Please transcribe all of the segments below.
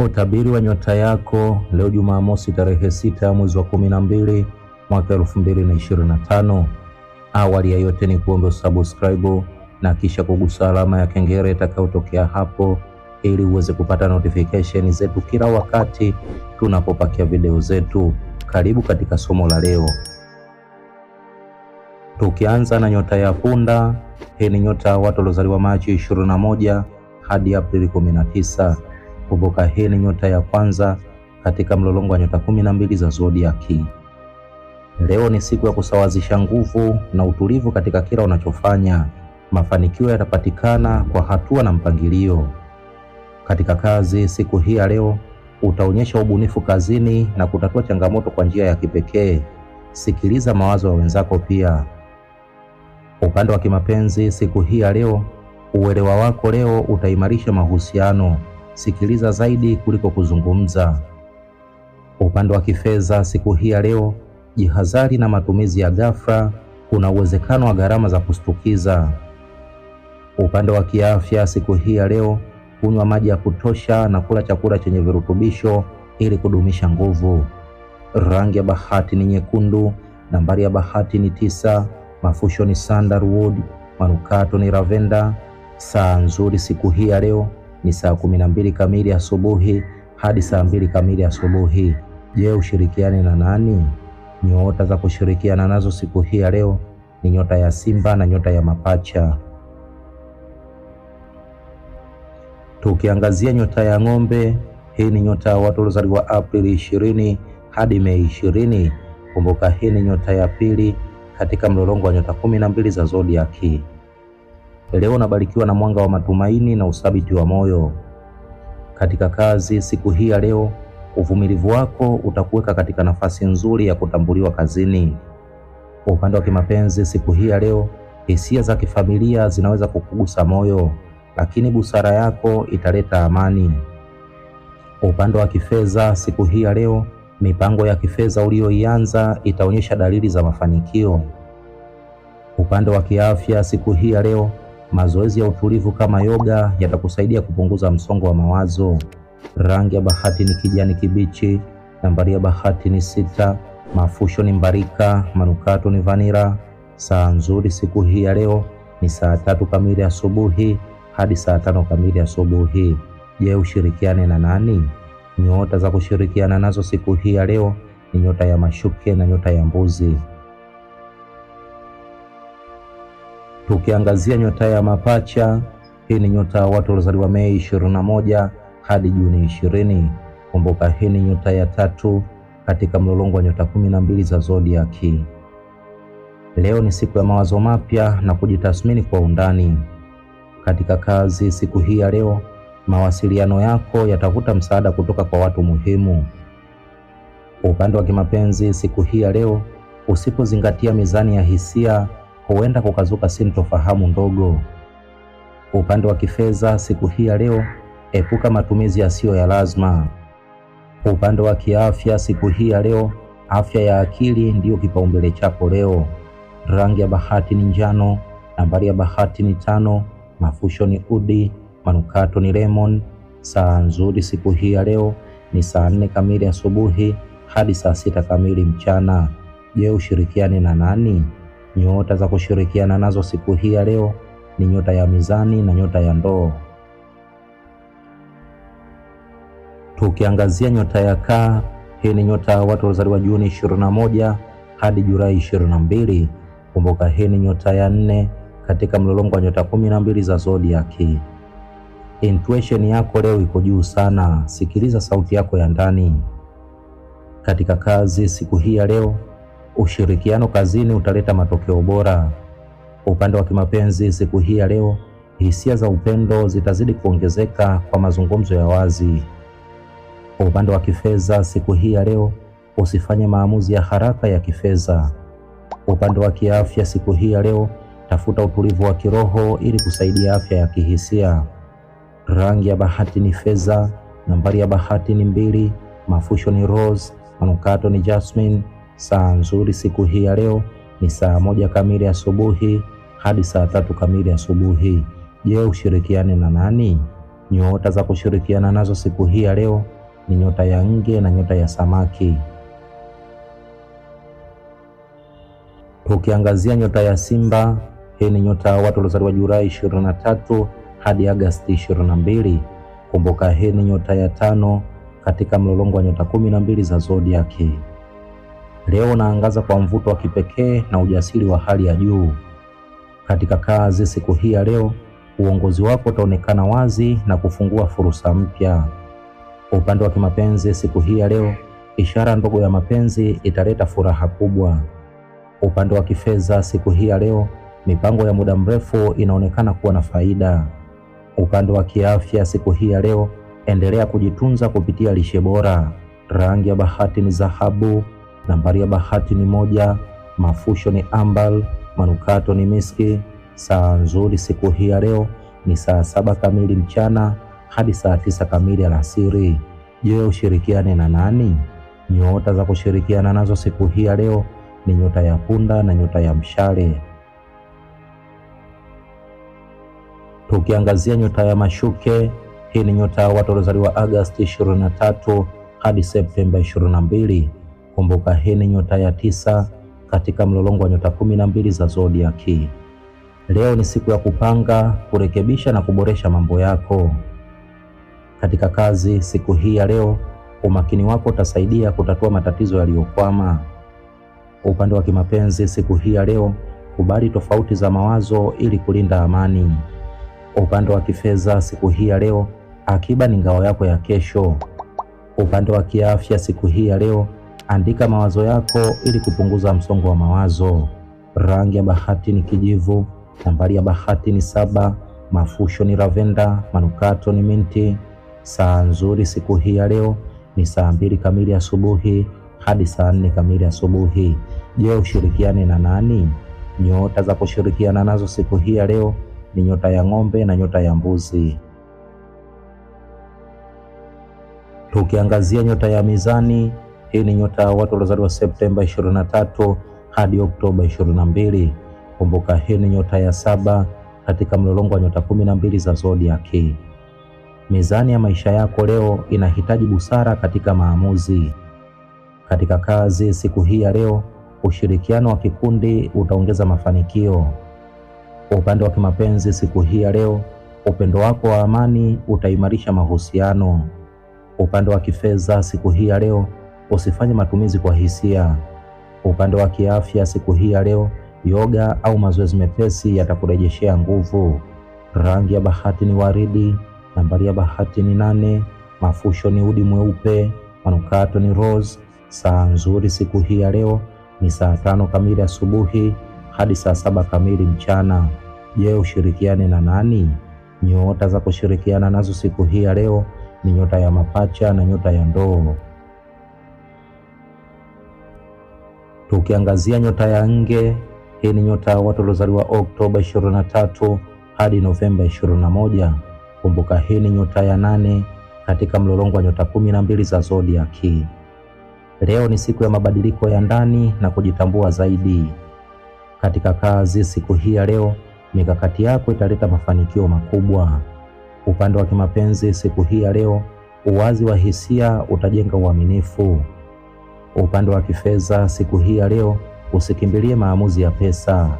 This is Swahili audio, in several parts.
Utabiri wa nyota yako leo Jumamosi tarehe sita ya mwezi wa kumi na mbili mwaka 2025. na Awali ya yote ni kuombe subscribe na kisha kugusa alama ya kengele itakayotokea hapo ili uweze kupata notification zetu kila wakati tunapopakia video zetu. Karibu katika somo la leo, tukianza na nyota ya punda. Hii ni nyota ya watu waliozaliwa Machi 21 hadi Aprili 19. Kumbuka hii ni nyota ya kwanza katika mlolongo wa nyota kumi na mbili za zodiaki. Leo ni siku ya kusawazisha nguvu na utulivu katika kila unachofanya. Mafanikio yatapatikana kwa hatua na mpangilio. Katika kazi, siku hii ya leo utaonyesha ubunifu kazini na kutatua changamoto kwa njia ya kipekee. Sikiliza mawazo ya wenzako pia. Upande wa kimapenzi, siku hii ya leo, uelewa wako leo utaimarisha mahusiano sikiliza zaidi kuliko kuzungumza. Upande wa kifedha siku hii ya leo, jihadhari na matumizi ya ghafla, kuna uwezekano wa gharama za kustukiza Upande wa kiafya siku hii ya leo, kunywa maji ya kutosha na kula chakula chenye virutubisho ili kudumisha nguvu. Rangi ya bahati ni nyekundu. Nambari ya bahati ni tisa. Mafusho ni sandalwood, manukato ni lavenda. Saa nzuri siku hii ya leo ni saa kumi na mbili kamili asubuhi hadi saa mbili kamili asubuhi. Je, ushirikiane na nani? Nyota za kushirikiana nazo siku hii ya leo ni nyota ya Simba na nyota ya Mapacha. Tukiangazia nyota ya Ng'ombe, hii ni nyota ya watu waliozaliwa Aprili ishirini hadi Mei ishirini. Kumbuka, hii ni nyota ya pili katika mlolongo wa nyota kumi na mbili za zodiaki. Leo nabarikiwa na mwanga wa matumaini na uthabiti wa moyo katika kazi. Siku hii ya leo, uvumilivu wako utakuweka katika nafasi nzuri ya kutambuliwa kazini. Kwa upande wa kimapenzi, siku hii ya leo, hisia za kifamilia zinaweza kukugusa moyo, lakini busara yako italeta amani. Kwa upande wa kifedha, siku hii ya leo, mipango ya kifedha uliyoianza itaonyesha dalili za mafanikio. Upande wa kiafya, siku hii ya leo Mazoezi ya utulivu kama yoga yatakusaidia kupunguza msongo wa mawazo. Rangi ya bahati ni kijani kibichi. Nambari ya bahati ni sita. Mafusho ni mbarika. Manukato ni vanira. Saa nzuri siku hii ya leo ni saa tatu kamili asubuhi hadi saa tano kamili asubuhi. Je, ushirikiane na nani? Nyota za kushirikiana nazo siku hii ya leo ni nyota ya mashuke na nyota ya mbuzi. tukiangazia nyota ya mapacha. Hii ni nyota ya watu waliozaliwa Mei 21 hadi Juni 20. Kumbuka hii ni nyota ya tatu katika mlolongo wa nyota kumi na mbili za zodiaki. Leo ni siku ya mawazo mapya na kujitathmini kwa undani. Katika kazi siku hii ya leo, mawasiliano yako yatavuta msaada kutoka kwa watu muhimu. Upande wa kimapenzi siku hii ya leo, usipozingatia mizani ya hisia huenda kukazuka sintofahamu ndogo. Upande wa kifedha siku hii ya leo, epuka matumizi yasiyo ya lazima. Upande wa kiafya siku hii ya leo, afya ya akili ndiyo kipaumbele chako leo. Rangi ya bahati ni njano, nambari ya bahati ni tano, mafusho ni udi, manukato ni lemon. Saa nzuri siku hii ya leo ni saa nne kamili asubuhi hadi saa sita kamili mchana. Je, ushirikiane na nani? Nyota za kushirikiana nazo siku hii ya leo ni nyota ya mizani na nyota ya ndoo. Tukiangazia nyota ya kaa, hii ni nyota ya watu waliozaliwa Juni 21 hadi Julai 22. Kumbuka hii ni nyota ya nne katika mlolongo wa nyota kumi na mbili za zodiaki. Intuition yako leo iko juu sana, sikiliza sauti yako ya ndani. Katika kazi siku hii ya leo Ushirikiano kazini utaleta matokeo bora. Kwa upande wa kimapenzi, siku hii ya leo, hisia za upendo zitazidi kuongezeka kwa mazungumzo ya wazi. Kwa upande wa kifedha, siku hii ya leo, usifanye maamuzi ya haraka ya kifedha. Kwa upande wa kiafya, siku hii ya leo, tafuta utulivu wa kiroho ili kusaidia afya ya kihisia. Rangi ya bahati ni fedha. Nambari ya bahati ni mbili. Mafusho ni rose. Manukato ni jasmine. Saa nzuri siku hii ya leo ni saa moja kamili asubuhi hadi saa tatu kamili asubuhi. Je, ushirikiane na nani? Nyota za kushirikiana nazo siku hii ya leo ni nyota ya nge na nyota ya samaki. Ukiangazia nyota ya Simba, hii ni nyota ya watu waliozaliwa Julai 23 hadi Agasti 22. Kumbuka, hii ni nyota ya tano katika mlolongo wa nyota kumi na mbili za zodiaki. Leo naangaza kwa mvuto wa kipekee na ujasiri wa hali ya juu. Katika kazi siku hii ya leo, uongozi wako utaonekana wazi na kufungua fursa mpya. Upande wa kimapenzi siku hii ya leo, ishara ndogo ya mapenzi italeta furaha kubwa. Upande wa kifedha siku hii ya leo, mipango ya muda mrefu inaonekana kuwa na faida. Upande wa kiafya siku hii ya leo, endelea kujitunza kupitia lishe bora. Rangi ya bahati ni dhahabu. Nambari ya bahati ni moja. Mafusho ni ambal, manukato ni miski. Saa nzuri siku hii ya leo ni saa saba kamili mchana hadi saa tisa kamili alasiri. Je, ushirikiane na nani? Nyota za kushirikiana nazo siku hii ya leo ni nyota ya punda na nyota ya mshale. Tukiangazia nyota ya mashuke, hii ni nyota ya watu waliozaliwa Agosti 23 hadi Septemba 22. Kumbuka hii ni nyota ya tisa katika mlolongo wa nyota kumi na mbili za zodiaki. Leo ni siku ya kupanga, kurekebisha na kuboresha mambo yako. Katika kazi siku hii ya leo, umakini wako utasaidia kutatua matatizo yaliyokwama. Upande wa kimapenzi siku hii ya leo, kubali tofauti za mawazo ili kulinda amani. Upande wa kifedha siku hii ya leo, akiba ni ngao yako ya kesho. Upande wa kiafya siku hii ya leo Andika mawazo yako ili kupunguza msongo wa mawazo. Rangi ya bahati ni kijivu. Nambari ya bahati ni saba. Mafusho ni lavenda. Manukato ni minti. Saa nzuri siku hii ya leo ni saa mbili kamili asubuhi hadi saa nne kamili asubuhi. Je, ushirikiane na nani? Nyota za kushirikiana nazo siku hii ya leo ni nyota ya ng'ombe na nyota ya mbuzi. Tukiangazia nyota ya mizani hii ni nyota ya watu waliozaliwa Septemba 23 hadi Oktoba 22. Kumbuka hii ni nyota ya saba katika mlolongo wa nyota kumi na mbili za zodiaki. Mizani ya maisha yako leo inahitaji busara katika maamuzi. Katika kazi siku hii ya leo, ushirikiano wa kikundi utaongeza mafanikio. Upande wa kimapenzi siku hii ya leo, upendo wako wa amani utaimarisha mahusiano. Upande wa kifedha siku hii ya leo, Usifanye matumizi kwa hisia. Upande wa kiafya siku hii ya leo, yoga au mazoezi mepesi yatakurejeshea nguvu. Rangi ya bahati ni waridi. Nambari ya bahati ni nane. Mafusho ni udi mweupe. Manukato ni rose. Saa nzuri siku hii ya leo ni saa tano kamili asubuhi hadi saa saba kamili mchana. Je, ushirikiane na nani? Nyota za kushirikiana nazo siku hii ya leo ni nyota ya mapacha na nyota ya ndoo. tukiangazia nyota ya nge. Hii ni nyota ya watu waliozaliwa Oktoba 23 hadi Novemba 21. Kumbuka, hii ni nyota ya nane katika mlolongo wa nyota kumi na mbili za zodiaki. Leo ni siku ya mabadiliko ya ndani na kujitambua zaidi katika kazi. Siku hii ya leo, mikakati yako italeta mafanikio makubwa. Upande wa kimapenzi, siku hii ya leo, uwazi wa hisia utajenga uaminifu. Upande wa kifedha siku hii ya leo, usikimbilie maamuzi ya pesa.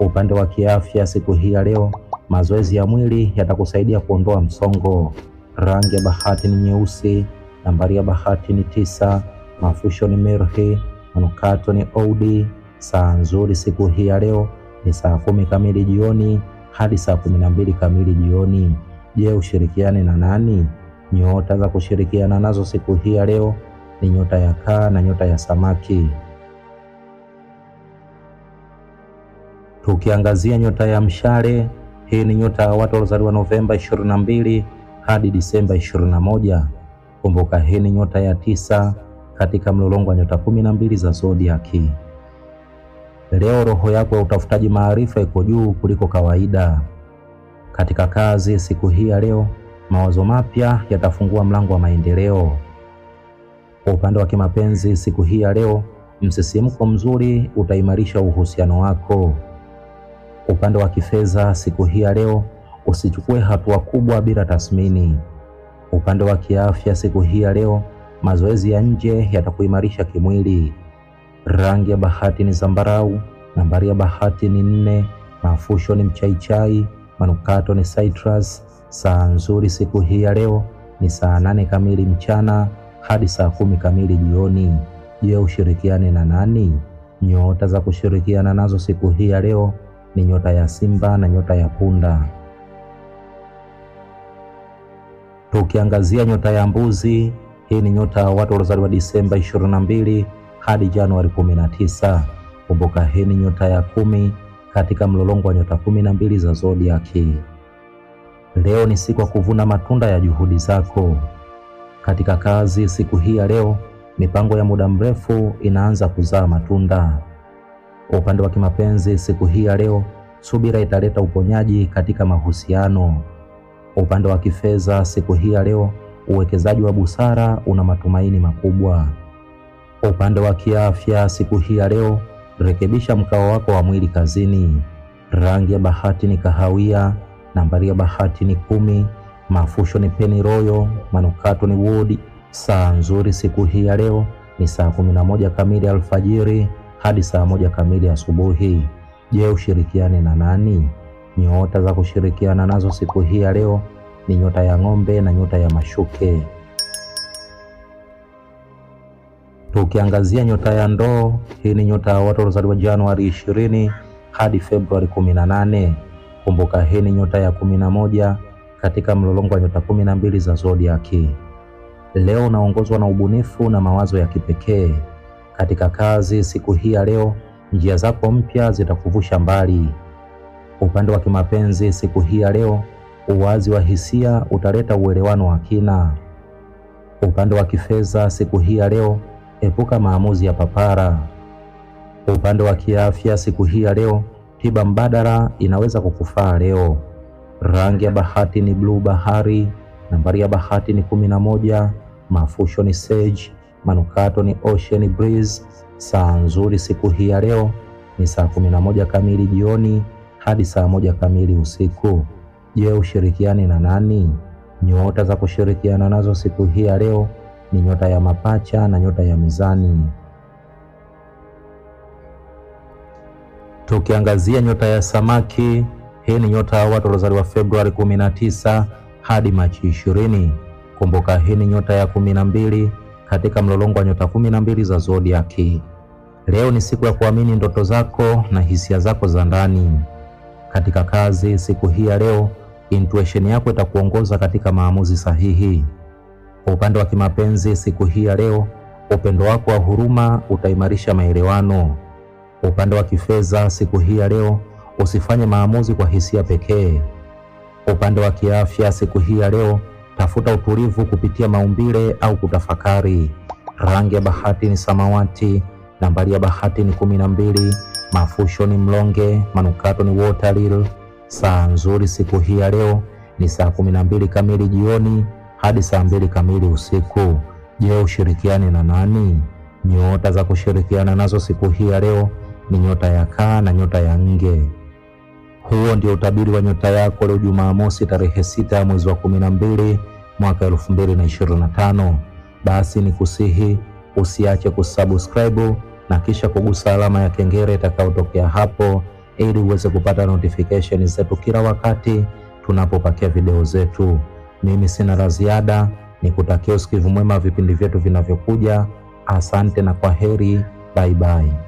Upande wa kiafya siku hii ya leo, mazoezi ya mwili yatakusaidia kuondoa msongo. Rangi ya bahati ni nyeusi. Nambari ya bahati ni tisa. Mafusho ni mirhi. Manukato ni oudi. Saa nzuri siku hii ya leo ni saa kumi kamili jioni hadi saa kumi na mbili kamili jioni. Je, ushirikiane na nani? Nyota za kushirikiana nazo siku hii ya leo ni nyota ya kaa na nyota ya samaki. Tukiangazia nyota ya mshale, hii ni nyota ya watu waliozaliwa Novemba 22 hadi Disemba 21. Kumbuka hii ni nyota ya tisa katika mlolongo wa nyota 12 za zodiaki. Leo roho yako ya utafutaji maarifa iko juu kuliko kawaida. Katika kazi siku hii ya leo, mawazo mapya yatafungua mlango wa maendeleo. Kwa upande wa kimapenzi, siku hii ya leo, msisimko mzuri utaimarisha uhusiano wako. Upande wa kifedha, siku hii ya leo, usichukue hatua kubwa bila tathmini. Upande wa kiafya, siku hii ya leo, mazoezi ya nje yatakuimarisha kimwili. Rangi ya bahati ni zambarau, nambari ya bahati ni nne, mafusho ni mchaichai, manukato ni citrus. Saa nzuri siku hii ya leo ni saa nane kamili mchana hadi saa kumi kamili jioni. Je, ushirikiane na nani? Nyota za kushirikiana nazo siku hii ya leo ni nyota ya Simba na nyota ya Punda. Tukiangazia nyota ya Mbuzi, hii ni nyota ya watu waliozaliwa Disemba 22 hadi Januari 19. Kumbuka, hii ni nyota ya kumi katika mlolongo wa nyota kumi na mbili za zodiaki. Leo ni siku ya kuvuna matunda ya juhudi zako. Katika kazi siku hii ya leo, mipango ya muda mrefu inaanza kuzaa matunda. Upande wa kimapenzi siku hii ya leo, subira italeta uponyaji katika mahusiano. Upande wa kifedha siku hii ya leo, uwekezaji wa busara una matumaini makubwa. Upande wa kiafya siku hii ya leo, rekebisha mkao wako wa mwili kazini. Rangi ya bahati ni kahawia. Nambari ya bahati ni kumi mafusho ni peni royo, manukato ni wodi. Saa nzuri siku hii ya leo ni saa 11 kamili alfajiri hadi saa moja kamili asubuhi. Je, ushirikiane na nani? Nyota za kushirikiana nazo siku hii ya leo ni nyota ya ng'ombe na nyota ya mashuke. Tukiangazia nyota ya ndoo, hii ni nyota ya watu waliozaliwa Januari 20 hadi Februari 18. Kumbuka, hii ni nyota ya 11 katika mlolongo wa nyota kumi na mbili za zodiaki. Leo unaongozwa na ubunifu na mawazo ya kipekee katika kazi. Siku hii ya leo, njia zako mpya zitakuvusha mbali. Upande wa kimapenzi, siku hii ya leo, uwazi wa hisia utaleta uelewano wa kina. Upande wa kifedha, siku hii ya leo, epuka maamuzi ya papara. Upande wa kiafya, siku hii ya leo, tiba mbadala inaweza kukufaa leo. Rangi ya bahati ni bluu bahari. Nambari ya bahati ni kumi na moja. Mafusho ni sage, manukato ni ocean breeze. Saa nzuri siku hii ya leo ni saa kumi na moja kamili jioni hadi saa moja kamili usiku. Je, ushirikiane na nani? Nyota za kushirikiana nazo siku hii ya leo ni nyota ya mapacha na nyota ya mizani. Tukiangazia nyota ya samaki hii ni nyota ya watu waliozaliwa Februari 19 hadi Machi 20. Kumbuka hii ni nyota ya 12 katika mlolongo wa nyota 12 za zodiaki. Leo ni siku ya kuamini ndoto zako na hisia zako za ndani. Katika kazi siku hii ya leo, intuition yako itakuongoza katika maamuzi sahihi. Kwa upande wa kimapenzi siku hii ya leo, upendo wako wa huruma utaimarisha maelewano. Upande wa kifedha siku hii ya leo Usifanye maamuzi kwa hisia pekee. Upande wa kiafya, siku hii ya leo, tafuta utulivu kupitia maumbile au kutafakari. Rangi ya bahati ni samawati. Nambari ya bahati ni kumi na mbili. Mafusho ni mlonge. Manukato ni water lily. Saa nzuri siku hii ya leo ni saa kumi na mbili kamili jioni hadi saa mbili kamili usiku. Je, ushirikiane na nani? Nyota za kushirikiana nazo siku hii ya leo ni nyota ya kaa na nyota ya nge. Huo ndio utabiri wa nyota yako leo Jumamosi tarehe sita ya mwezi wa kumi na mbili mwaka elfu mbili na ishirini na tano. Basi ni kusihi usiache kusubscribe na kisha kugusa alama ya kengele itakayotokea hapo ili uweze kupata notification zetu kila wakati tunapopakia video zetu. Mimi sina la ziada, nikutakia usikivu mwema vipindi vyetu vinavyokuja. Asante na kwa heri, bye bye.